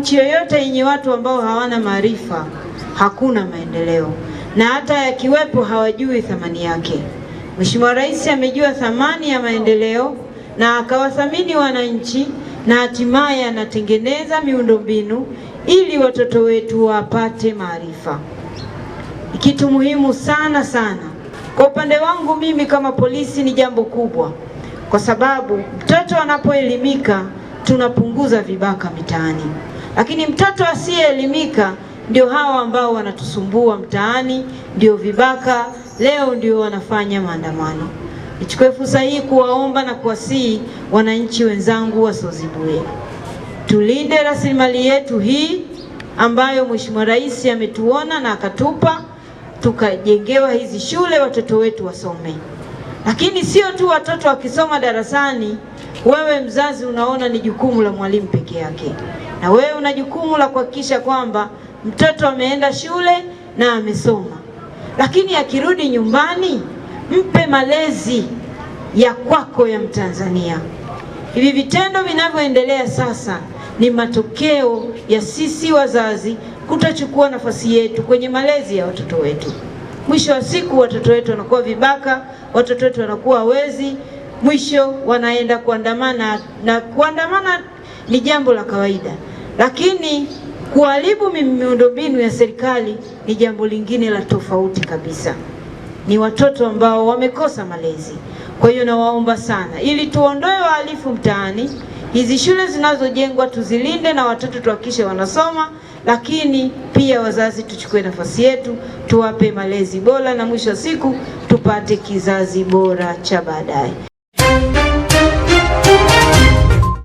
nchi yoyote yenye watu ambao hawana maarifa hakuna maendeleo, na hata yakiwepo hawajui thamani yake. Mheshimiwa Rais amejua thamani ya maendeleo na akawathamini wananchi na hatimaye anatengeneza miundombinu ili watoto wetu wapate maarifa, kitu muhimu sana sana. Kwa upande wangu mimi kama polisi ni jambo kubwa, kwa sababu mtoto anapoelimika tunapunguza vibaka mitaani. Lakini mtoto asiyeelimika ndio hawa ambao wanatusumbua mtaani, ndio vibaka leo ndio wanafanya maandamano. Nichukue fursa hii kuwaomba na kuwasihi wananchi wenzangu wasiozibuye, tulinde rasilimali yetu hii ambayo Mheshimiwa Rais ametuona na akatupa, tukajengewa hizi shule watoto wetu wasome. Lakini sio tu watoto wakisoma darasani, wewe mzazi unaona ni jukumu la mwalimu peke yake na wewe una jukumu la kuhakikisha kwamba mtoto ameenda shule na amesoma, lakini akirudi nyumbani mpe malezi ya kwako ya Mtanzania. Hivi vitendo vinavyoendelea sasa ni matokeo ya sisi wazazi kutachukua nafasi yetu kwenye malezi ya watoto wetu. Mwisho wa siku watoto wetu wanakuwa vibaka, watoto wetu wanakuwa wezi, mwisho wanaenda kuandamana, na kuandamana ni jambo la kawaida. Lakini kuharibu miundombinu ya serikali ni jambo lingine la tofauti kabisa. Ni watoto ambao wamekosa malezi. Kwa hiyo nawaomba sana, ili tuondoe wahalifu mtaani, hizi shule zinazojengwa tuzilinde na watoto tuhakikishe wanasoma, lakini pia wazazi tuchukue nafasi yetu, tuwape malezi bora, na mwisho wa siku tupate kizazi bora cha baadaye.